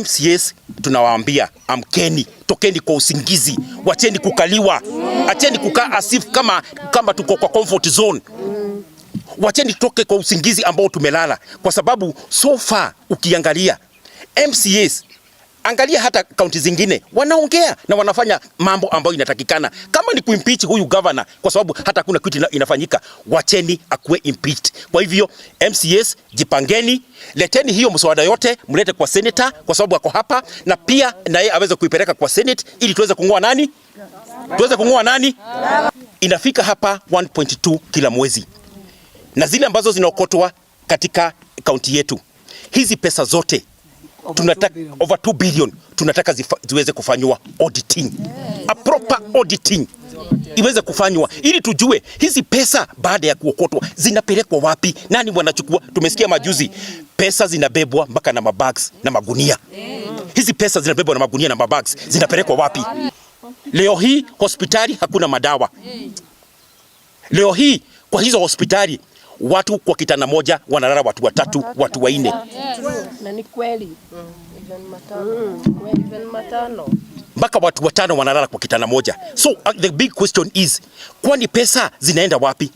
mcs tunawaambia amkeni, tokeni kwa usingizi, wacheni kukaliwa, acheni kukaa asif kama, kama tuko kwa comfort zone. Wacheni toke kwa usingizi ambao tumelala, kwa sababu so far ukiangalia MCS Angalia hata kaunti zingine wanaongea na wanafanya mambo ambayo inatakikana. Kama ni kuimpeach huyu gavana kwa sababu hata hakuna kitu inafanyika, wacheni akuwe impeached. Kwa hivyo mcs jipangeni, leteni hiyo mswada yote mlete kwa senator, kwa sababu ako hapa, na pia naye aweze kuipeleka kwa senate ili tuweze kung'oa nani, tuweze kung'oa nani. Inafika hapa 1.2 kila mwezi, na zile ambazo zinaokotwa katika kaunti yetu, hizi pesa zote tunataka over 2 billion tunataka ziweze kufanywa auditing, a proper auditing iweze kufanywa ili tujue hizi pesa baada ya kuokotwa zinapelekwa wapi, nani wanachukua. Tumesikia majuzi pesa zinabebwa mpaka na mabags na magunia. Hizi pesa zinabebwa na magunia na mabags zinapelekwa wapi? Leo hii hospitali hakuna madawa, leo hii kwa hizo hospitali watu kwa kitanda moja wanalala watu watatu, watu wanne. mpaka watu watano wanalala kwa kitanda moja. So uh, the big question is, kwani pesa zinaenda wapi?